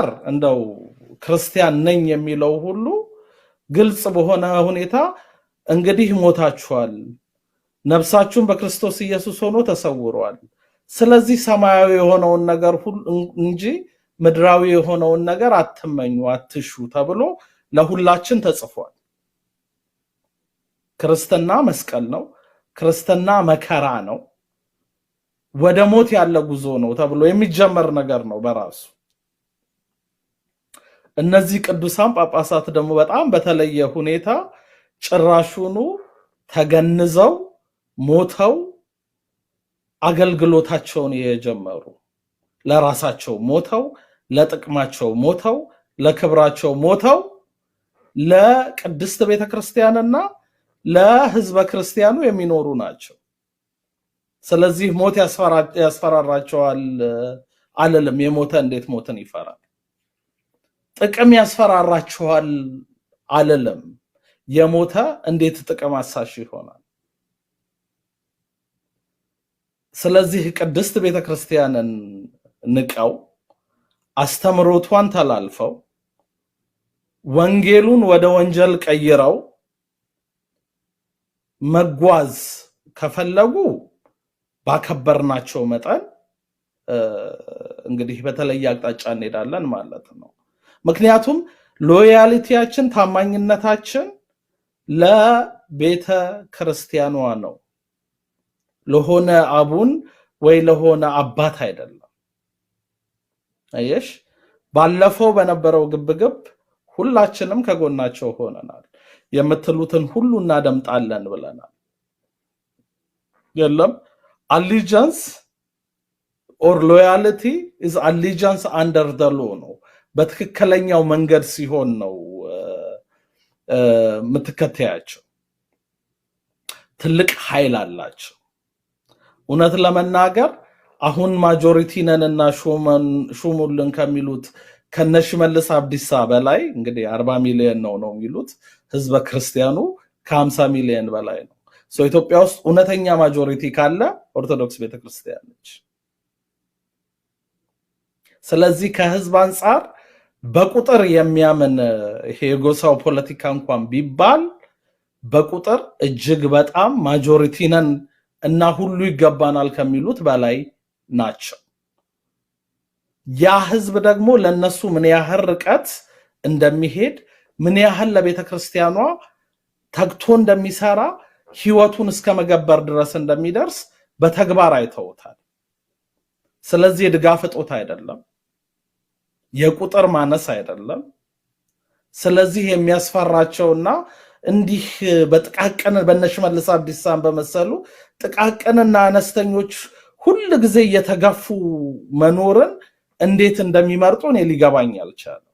አንጻር እንደው ክርስቲያን ነኝ የሚለው ሁሉ ግልጽ በሆነ ሁኔታ እንግዲህ ሞታችኋል፣ ነፍሳችሁን በክርስቶስ ኢየሱስ ሆኖ ተሰውሯል። ስለዚህ ሰማያዊ የሆነውን ነገር ሁሉ እንጂ ምድራዊ የሆነውን ነገር አትመኙ፣ አትሹ ተብሎ ለሁላችን ተጽፏል። ክርስትና መስቀል ነው። ክርስትና መከራ ነው። ወደ ሞት ያለ ጉዞ ነው ተብሎ የሚጀመር ነገር ነው በራሱ እነዚህ ቅዱሳን ጳጳሳት ደግሞ በጣም በተለየ ሁኔታ ጭራሹኑ ተገንዘው ሞተው አገልግሎታቸውን የጀመሩ ለራሳቸው ሞተው ለጥቅማቸው ሞተው ለክብራቸው ሞተው ለቅድስት ክርስቲያንና ለሕዝበ ክርስቲያኑ የሚኖሩ ናቸው። ስለዚህ ሞት ያስፈራራቸዋል አልልም። የሞተ እንዴት ሞትን ይፈራል? ጥቅም ያስፈራራችኋል አልልም። የሞተ እንዴት ጥቅም አሳሽ ይሆናል? ስለዚህ ቅድስት ቤተክርስቲያንን ንቀው አስተምሮቷን ተላልፈው ወንጌሉን ወደ ወንጀል ቀይረው መጓዝ ከፈለጉ ባከበርናቸው መጠን እንግዲህ በተለየ አቅጣጫ እንሄዳለን ማለት ነው። ምክንያቱም ሎያሊቲያችን ታማኝነታችን ለቤተ ክርስቲያኗ ነው፣ ለሆነ አቡን ወይ ለሆነ አባት አይደለም። አየሽ፣ ባለፈው በነበረው ግብግብ ሁላችንም ከጎናቸው ሆነናል። የምትሉትን ሁሉ እናደምጣለን ብለናል። የለም አሊጃንስ ኦር ሎያልቲ ኢዝ አሊጃንስ አንደር ደ ነው። በትክክለኛው መንገድ ሲሆን ነው የምትከተያቸው። ትልቅ ኃይል አላቸው። እውነት ለመናገር አሁን ማጆሪቲ ነን እና ሹሙልን ከሚሉት ከነ ሽመልስ አብዲሳ በላይ እንግዲህ አርባ ሚሊዮን ነው ነው የሚሉት ህዝበ ክርስቲያኑ ከሀምሳ ሚሊዮን በላይ ነው። ኢትዮጵያ ውስጥ እውነተኛ ማጆሪቲ ካለ ኦርቶዶክስ ቤተክርስቲያን ነች። ስለዚህ ከህዝብ አንጻር በቁጥር የሚያምን ይሄ የጎሳው ፖለቲካ እንኳን ቢባል በቁጥር እጅግ በጣም ማጆሪቲ ነን እና ሁሉ ይገባናል ከሚሉት በላይ ናቸው። ያ ህዝብ ደግሞ ለነሱ ምን ያህል ርቀት እንደሚሄድ ምን ያህል ለቤተ ክርስቲያኗ ተግቶ እንደሚሰራ ህይወቱን እስከ መገበር ድረስ እንደሚደርስ በተግባር አይተውታል። ስለዚህ የድጋፍ እጦት አይደለም የቁጥር ማነስ አይደለም። ስለዚህ የሚያስፈራቸውና እንዲህ በጥቃቅን በእነ አብዲሳን በመሰሉ ጥቃቅንና አነስተኞች ሁል ጊዜ እየተገፉ መኖርን እንዴት እንደሚመርጡ እኔ ሊገባኝ አልቻለም።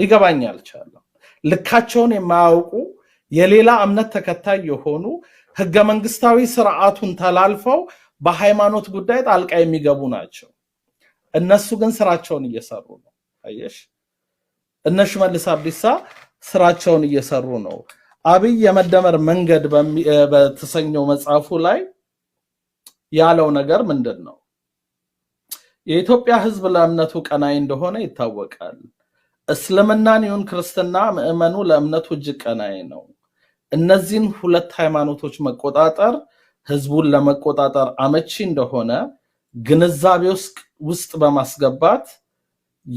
ሊገባኝ አልቻለም። ልካቸውን የማያውቁ የሌላ እምነት ተከታይ የሆኑ ህገ መንግስታዊ ስርዓቱን ተላልፈው በሃይማኖት ጉዳይ ጣልቃ የሚገቡ ናቸው። እነሱ ግን ስራቸውን እየሰሩ ነው። አየሽ እነ ሽመልስ አብዲሳ ስራቸውን እየሰሩ ነው። አብይ የመደመር መንገድ በተሰኘው መጽሐፉ ላይ ያለው ነገር ምንድን ነው? የኢትዮጵያ ሕዝብ ለእምነቱ ቀናይ እንደሆነ ይታወቃል። እስልምናን ይሁን ክርስትና ምዕመኑ ለእምነቱ እጅግ ቀናይ ነው። እነዚህን ሁለት ሃይማኖቶች መቆጣጠር ሕዝቡን ለመቆጣጠር አመቺ እንደሆነ ግንዛቤ ውስጥ ውስጥ በማስገባት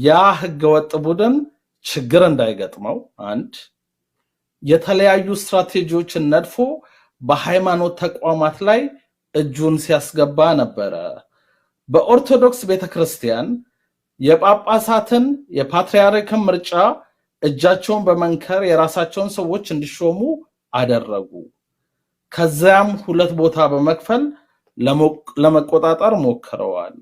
ያ ህገወጥ ቡድን ችግር እንዳይገጥመው፣ አንድ የተለያዩ ስትራቴጂዎችን ነድፎ በሃይማኖት ተቋማት ላይ እጁን ሲያስገባ ነበረ። በኦርቶዶክስ ቤተክርስቲያን የጳጳሳትን የፓትርያርክን ምርጫ እጃቸውን በመንከር የራሳቸውን ሰዎች እንዲሾሙ አደረጉ። ከዚያም ሁለት ቦታ በመክፈል ለመቆጣጠር ሞክረዋል።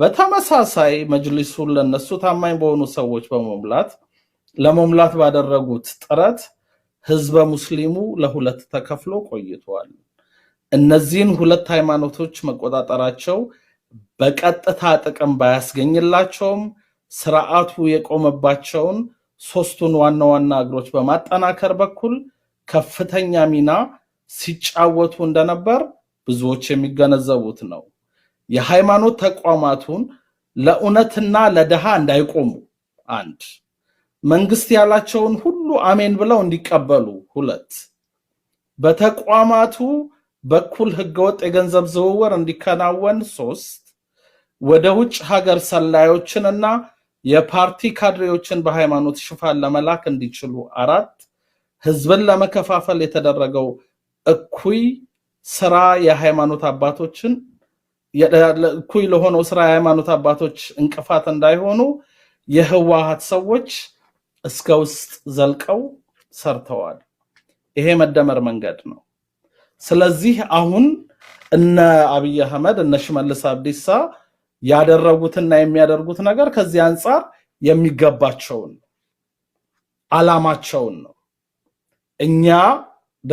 በተመሳሳይ መጅሊሱን ለነሱ ታማኝ በሆኑ ሰዎች በመሙላት ለመሙላት ባደረጉት ጥረት ህዝበ ሙስሊሙ ለሁለት ተከፍሎ ቆይተዋል። እነዚህን ሁለት ሃይማኖቶች መቆጣጠራቸው በቀጥታ ጥቅም ባያስገኝላቸውም ስርዓቱ የቆመባቸውን ሶስቱን ዋና ዋና እግሮች በማጠናከር በኩል ከፍተኛ ሚና ሲጫወቱ እንደነበር ብዙዎች የሚገነዘቡት ነው። የሃይማኖት ተቋማቱን ለእውነትና ለድሃ እንዳይቆሙ፣ አንድ መንግስት ያላቸውን ሁሉ አሜን ብለው እንዲቀበሉ፣ ሁለት በተቋማቱ በኩል ህገወጥ የገንዘብ ዝውውር እንዲከናወን፣ ሶስት ወደ ውጭ ሀገር ሰላዮችንና የፓርቲ ካድሬዎችን በሃይማኖት ሽፋን ለመላክ እንዲችሉ፣ አራት ህዝብን ለመከፋፈል የተደረገው እኩይ ስራ የሃይማኖት አባቶችን እኩይ ለሆነው ስራ የሃይማኖት አባቶች እንቅፋት እንዳይሆኑ የህወሀት ሰዎች እስከ ውስጥ ዘልቀው ሰርተዋል። ይሄ መደመር መንገድ ነው። ስለዚህ አሁን እነ አብይ አህመድ እነ ሽመልስ አብዲሳ ያደረጉትና የሚያደርጉት ነገር ከዚህ አንጻር የሚገባቸውን አላማቸውን ነው። እኛ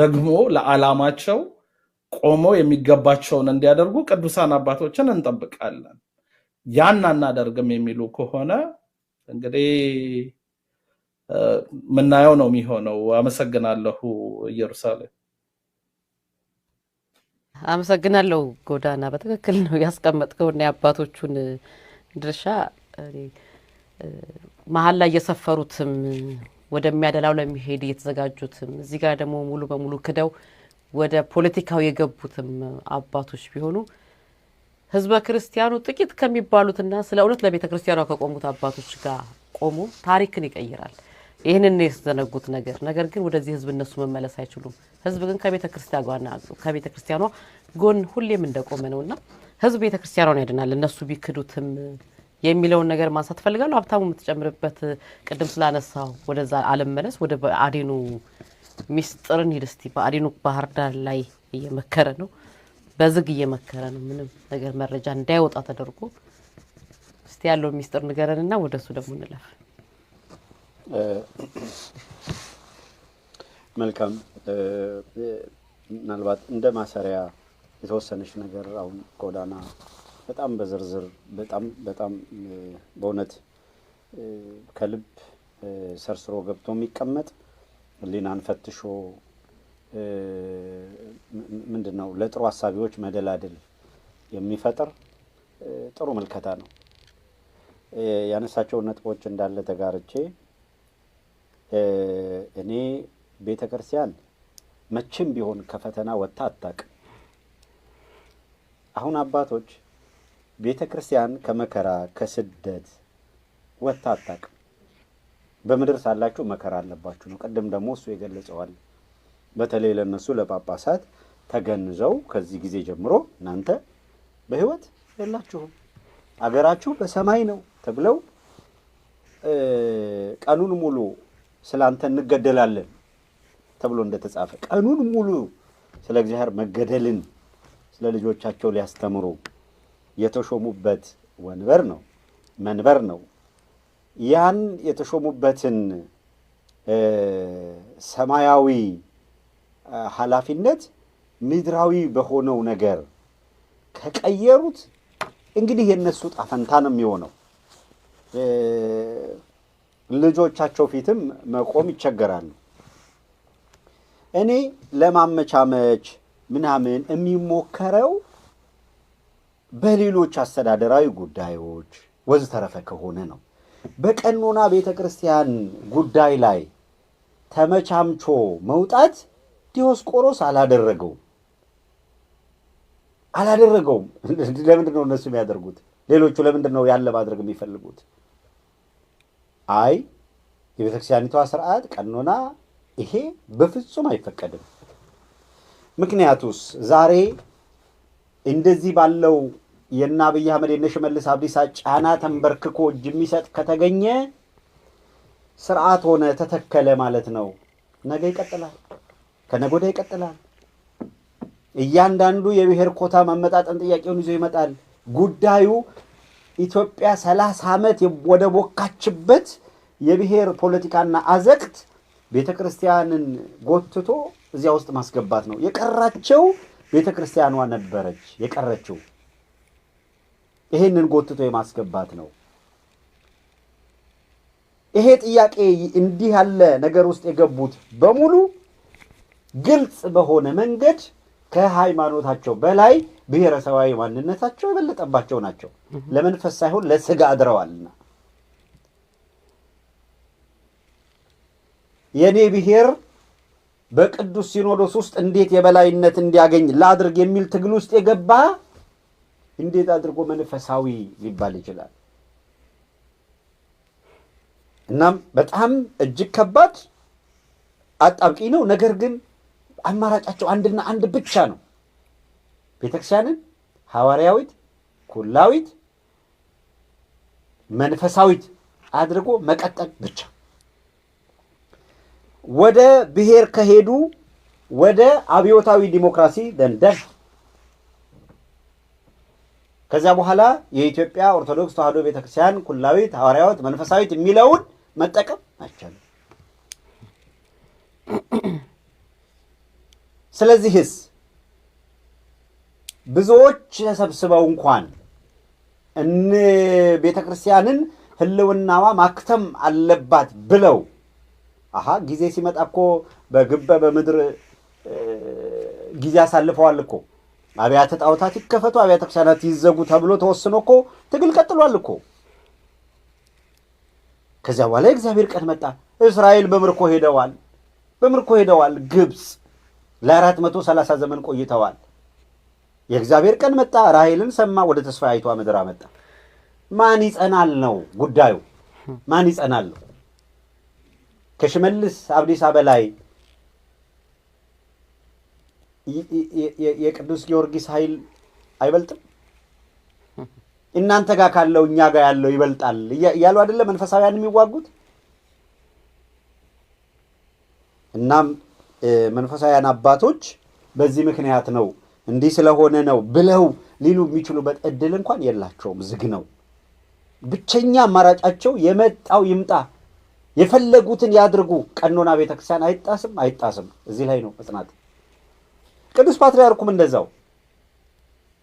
ደግሞ ለአላማቸው ቆመው የሚገባቸውን እንዲያደርጉ ቅዱሳን አባቶችን እንጠብቃለን። ያን አናደርግም የሚሉ ከሆነ እንግዲህ ምናየው ነው የሚሆነው። አመሰግናለሁ። ኢየሩሳሌም አመሰግናለሁ። ጎዳና በትክክል ነው ያስቀመጥከውና የአባቶቹን ድርሻ መሀል ላይ የሰፈሩትም ወደሚያደላው ለሚሄድ እየተዘጋጁትም እዚህ ጋር ደግሞ ሙሉ በሙሉ ክደው ወደ ፖለቲካው የገቡትም አባቶች ቢሆኑ ህዝበ ክርስቲያኑ ጥቂት ከሚባሉትና ስለ እውነት ለቤተ ክርስቲያኗ ከቆሙት አባቶች ጋር ቆሞ ታሪክን ይቀይራል። ይህንን የተዘነጉት ነገር ነገር ግን ወደዚህ ህዝብ እነሱ መመለስ አይችሉም። ህዝብ ግን ከቤተ ክርስቲያኗ ጎን ሁሌም እንደቆመ ነውና ህዝብ ቤተ ክርስቲያኗን ያድናል እነሱ ቢክዱትም የሚለውን ነገር ማንሳት እፈልጋለሁ። ሀብታሙ የምትጨምርበት ቅድም ስላነሳው ወደዛ አለመለስ ወደ አዴኑ ሚስጥርን ሂድ እስቲ በአዲኑክ ባህር ዳር ላይ እየመከረ ነው፣ በዝግ እየመከረ ነው። ምንም ነገር መረጃ እንዳይወጣ ተደርጎ እስቲ ያለውን ሚስጥር ንገረንና ወደ እሱ ደግሞ እንለፍ። መልካም። ምናልባት እንደ ማሰሪያ የተወሰነች ነገር አሁን ጎዳና በጣም በዝርዝር በጣም በጣም በእውነት ከልብ ሰርስሮ ገብቶ የሚቀመጥ ህሊናን ፈትሾ ምንድን ነው ለጥሩ ሀሳቢዎች መደላድል የሚፈጥር ጥሩ ምልከታ ነው። ያነሳቸውን ነጥቦች እንዳለ ተጋርቼ እኔ ቤተ ክርስቲያን መቼም ቢሆን ከፈተና ወጥታ አታውቅም። አሁን አባቶች ቤተ ክርስቲያን ከመከራ ከስደት ወጥታ አታውቅም። በምድር ሳላችሁ መከራ አለባችሁ ነው። ቅድም ደግሞ እሱ የገለጸዋል። በተለይ ለእነሱ ለጳጳሳት ተገንዘው ከዚህ ጊዜ ጀምሮ እናንተ በህይወት የላችሁም፣ አገራችሁ በሰማይ ነው ተብለው ቀኑን ሙሉ አንተ እንገደላለን ተብሎ እንደተጻፈ ቀኑን ሙሉ ስለ እግዚአብሔር መገደልን ስለ ልጆቻቸው ሊያስተምሩ የተሾሙበት ወንበር ነው መንበር ነው ያን የተሾሙበትን ሰማያዊ ኃላፊነት ምድራዊ በሆነው ነገር ከቀየሩት እንግዲህ የእነሱ ጣፈንታ ነው የሚሆነው። ልጆቻቸው ፊትም መቆም ይቸገራሉ። እኔ ለማመቻመች ምናምን የሚሞከረው በሌሎች አስተዳደራዊ ጉዳዮች ተረፈ ከሆነ ነው። በቀኖና ቤተ ክርስቲያን ጉዳይ ላይ ተመቻምቾ መውጣት ዲዮስቆሮስ አላደረገው አላደረገውም። ለምንድን ነው እነሱ የሚያደርጉት? ሌሎቹ ለምንድን ነው ያለ ማድረግ የሚፈልጉት? አይ የቤተ ክርስቲያኒቷ ስርዓት ቀኖና፣ ይሄ በፍጹም አይፈቀድም። ምክንያቱስ ዛሬ እንደዚህ ባለው የእነ አብይ አህመድ የእነ ሽመልስ አብዲሳ ጫና ተንበርክኮ እጅ የሚሰጥ ከተገኘ ስርዓት ሆነ ተተከለ ማለት ነው። ነገ ይቀጥላል፣ ከነጎዳ ይቀጥላል። እያንዳንዱ የብሔር ኮታ ማመጣጠን ጥያቄውን ይዞ ይመጣል። ጉዳዩ ኢትዮጵያ ሰላሳ ዓመት ወደ ቦካችበት የብሔር ፖለቲካና አዘቅት ቤተ ክርስቲያንን ጎትቶ እዚያ ውስጥ ማስገባት ነው። የቀራቸው ቤተ ክርስቲያኗ ነበረች የቀረችው። ይሄንን ጎትቶ የማስገባት ነው። ይሄ ጥያቄ እንዲህ ያለ ነገር ውስጥ የገቡት በሙሉ ግልጽ በሆነ መንገድ ከሃይማኖታቸው በላይ ብሔረሰባዊ ማንነታቸው የበለጠባቸው ናቸው። ለመንፈስ ሳይሆን ለስጋ አድረዋልና የእኔ ብሔር በቅዱስ ሲኖዶስ ውስጥ እንዴት የበላይነት እንዲያገኝ ላድርግ የሚል ትግል ውስጥ የገባ እንዴት አድርጎ መንፈሳዊ ሊባል ይችላል? እናም በጣም እጅግ ከባድ አጣብቂ ነው። ነገር ግን አማራጫቸው አንድና አንድ ብቻ ነው። ቤተክርስቲያንን ሐዋርያዊት፣ ኩላዊት፣ መንፈሳዊት አድርጎ መቀጠል ብቻ። ወደ ብሔር ከሄዱ ወደ አብዮታዊ ዲሞክራሲ ደንደፍ ከዚያ በኋላ የኢትዮጵያ ኦርቶዶክስ ተዋሕዶ ቤተክርስቲያን ኩላዊት፣ ሐዋርያዊት፣ መንፈሳዊት የሚለውን መጠቀም አይቻልም። ስለዚህስ ብዙዎች ተሰብስበው እንኳን እን ቤተክርስቲያንን ህልውናዋ ማክተም አለባት ብለው አሀ ጊዜ ሲመጣ እኮ በግበ በምድር ጊዜ አሳልፈዋል እኮ አብያተ ጣዖታት ይከፈቱ፣ አብያተ ክርስቲያናት ይዘጉ ተብሎ ተወስኖ እኮ ትግል ቀጥሏል እኮ። ከዚያ በኋላ የእግዚአብሔር ቀን መጣ። እስራኤል በምርኮ ሄደዋል፣ በምርኮ ሄደዋል። ግብፅ ለአራት መቶ ሰላሳ ዘመን ቆይተዋል። የእግዚአብሔር ቀን መጣ። ራሔልን ሰማ፣ ወደ ተስፋይቷ ምድር አመጣ። ማን ይጸናል ነው ጉዳዩ። ማን ይጸናል ነው ከሽመልስ አብዲሳ በላይ የቅዱስ ጊዮርጊስ ኃይል አይበልጥም? እናንተ ጋር ካለው እኛ ጋር ያለው ይበልጣል እያሉ አይደለ መንፈሳዊያን የሚዋጉት? እናም መንፈሳውያን አባቶች በዚህ ምክንያት ነው እንዲህ ስለሆነ ነው ብለው ሊሉ የሚችሉበት እድል እንኳን የላቸውም፣ ዝግ ነው። ብቸኛ አማራጫቸው የመጣው ይምጣ፣ የፈለጉትን ያድርጉ፣ ቀኖና ቤተክርስቲያን አይጣስም አይጣስም። እዚህ ላይ ነው መጽናት ቅዱስ ፓትርያርኩም እንደዛው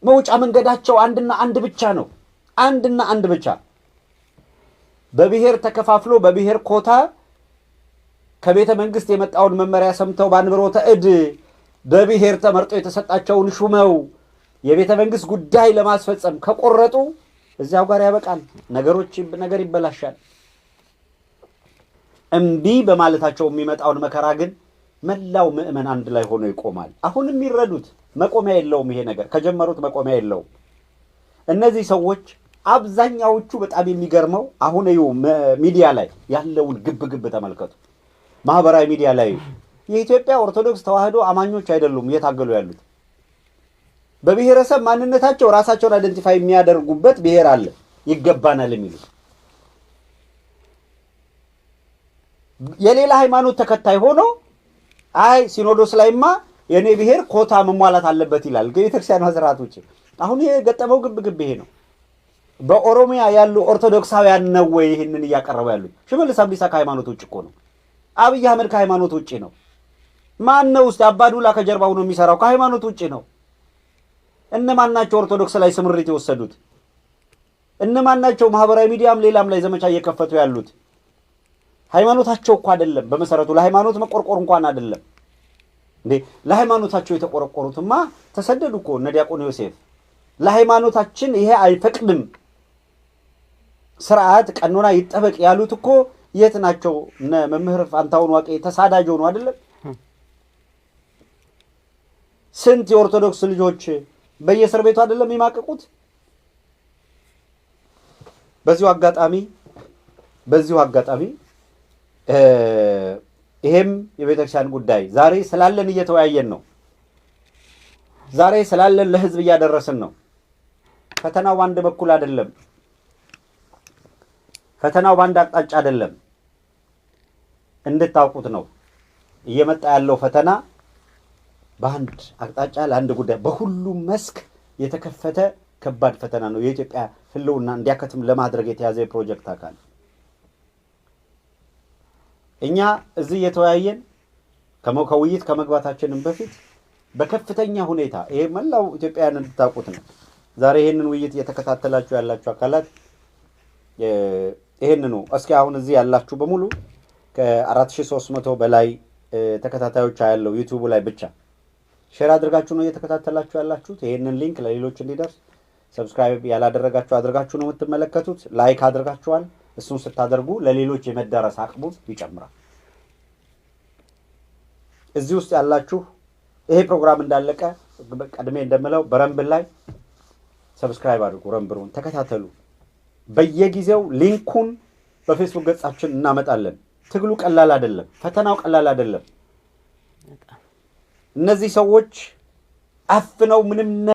መውጫ መንገዳቸው አንድና አንድ ብቻ ነው። አንድና አንድ ብቻ በብሔር ተከፋፍሎ በብሔር ኮታ ከቤተ መንግስት የመጣውን መመሪያ ሰምተው በአንብሮተ እድ በብሔር ተመርጦ የተሰጣቸውን ሹመው የቤተ መንግስት ጉዳይ ለማስፈጸም ከቆረጡ እዚያው ጋር ያበቃል። ነገሮች ነገር ይበላሻል። እምቢ በማለታቸው የሚመጣውን መከራ ግን መላው ምእመን አንድ ላይ ሆኖ ይቆማል። አሁንም የሚረዱት መቆሚያ የለውም። ይሄ ነገር ከጀመሩት መቆሚያ የለውም። እነዚህ ሰዎች አብዛኛዎቹ በጣም የሚገርመው አሁን ዩ ሚዲያ ላይ ያለውን ግብ ግብ ተመልከቱ። ማህበራዊ ሚዲያ ላይ የኢትዮጵያ ኦርቶዶክስ ተዋሕዶ አማኞች አይደሉም እየታገሉ ያሉት። በብሔረሰብ ማንነታቸው ራሳቸውን አይደንቲፋይ የሚያደርጉበት ብሔር አለ ይገባናል የሚሉ። የሌላ ሃይማኖት ተከታይ ሆኖ አይ ሲኖዶስ ላይማ የእኔ ብሔር ኮታ መሟላት አለበት ይላል ከቤተክርስቲያኗ ውጭ። አሁን ይሄ የገጠመው ግብ ይሄ ነው። በኦሮሚያ ያሉ ኦርቶዶክሳውያን ነው ወይ ይህንን እያቀረቡ ያሉት? ሽመልስ አብዲሳ ከሃይማኖት ውጭ እኮ ነው። አብይ አህመድ ከሃይማኖት ውጭ ነው። ማን ነው ውስጥ አባዱላ ከጀርባ ነው የሚሰራው? ከሃይማኖት ውጭ ነው። እነማን ናቸው ኦርቶዶክስ ላይ ስምሪት የወሰዱት? እነማን ናቸው ማህበራዊ ሚዲያም ሌላም ላይ ዘመቻ እየከፈቱ ያሉት? ሃይማኖታቸው እኮ አይደለም በመሰረቱ ለሃይማኖት መቆርቆር እንኳን አይደለም እንዴ። ለሃይማኖታቸው የተቆረቆሩትማ ተሰደዱ እኮ እነ ዲያቆን ዮሴፍ። ለሃይማኖታችን ይሄ አይፈቅድም ስርዓት ቀኖና ይጠበቅ ያሉት እኮ የት ናቸው? እነ መምህር ፋንታሁን ዋቄ ተሳዳጅ ሆኑ አይደለም። ስንት የኦርቶዶክስ ልጆች በየእስር ቤቱ አይደለም የሚማቅቁት። በዚሁ አጋጣሚ በዚሁ አጋጣሚ ይሄም የቤተክርስቲያን ጉዳይ ዛሬ ስላለን እየተወያየን ነው። ዛሬ ስላለን ለህዝብ እያደረስን ነው። ፈተናው በአንድ በኩል አይደለም። ፈተናው በአንድ አቅጣጫ አይደለም። እንድታውቁት ነው እየመጣ ያለው ፈተና በአንድ አቅጣጫ ለአንድ ጉዳይ በሁሉም መስክ የተከፈተ ከባድ ፈተና ነው። የኢትዮጵያ ህልውና እንዲያከትም ለማድረግ የተያዘ የፕሮጀክት አካል እኛ እዚህ እየተወያየን ከውይይት ከመግባታችንም በፊት በከፍተኛ ሁኔታ ይሄ መላው ኢትዮጵያውያን እንድታውቁት ነው። ዛሬ ይህንን ውይይት እየተከታተላችሁ ያላችሁ አካላት ይህንኑ እስኪ አሁን እዚህ ያላችሁ በሙሉ ከ4300 በላይ ተከታታዮች ያለው ዩቱቡ ላይ ብቻ ሼር አድርጋችሁ ነው እየተከታተላችሁ ያላችሁት። ይህንን ሊንክ ለሌሎች እንዲደርስ ሰብስክራይብ ያላደረጋችሁ አድርጋችሁ ነው የምትመለከቱት። ላይክ አድርጋችኋል። እሱን ስታደርጉ ለሌሎች የመዳረስ አቅሙ ይጨምራል። እዚህ ውስጥ ያላችሁ ይሄ ፕሮግራም እንዳለቀ ቀድሜ እንደምለው በረንብን ላይ ሰብስክራይብ አድርጉ። ረንብሩን ተከታተሉ። በየጊዜው ሊንኩን በፌስቡክ ገጻችን እናመጣለን። ትግሉ ቀላል አይደለም። ፈተናው ቀላል አይደለም። እነዚህ ሰዎች አፍነው ምንም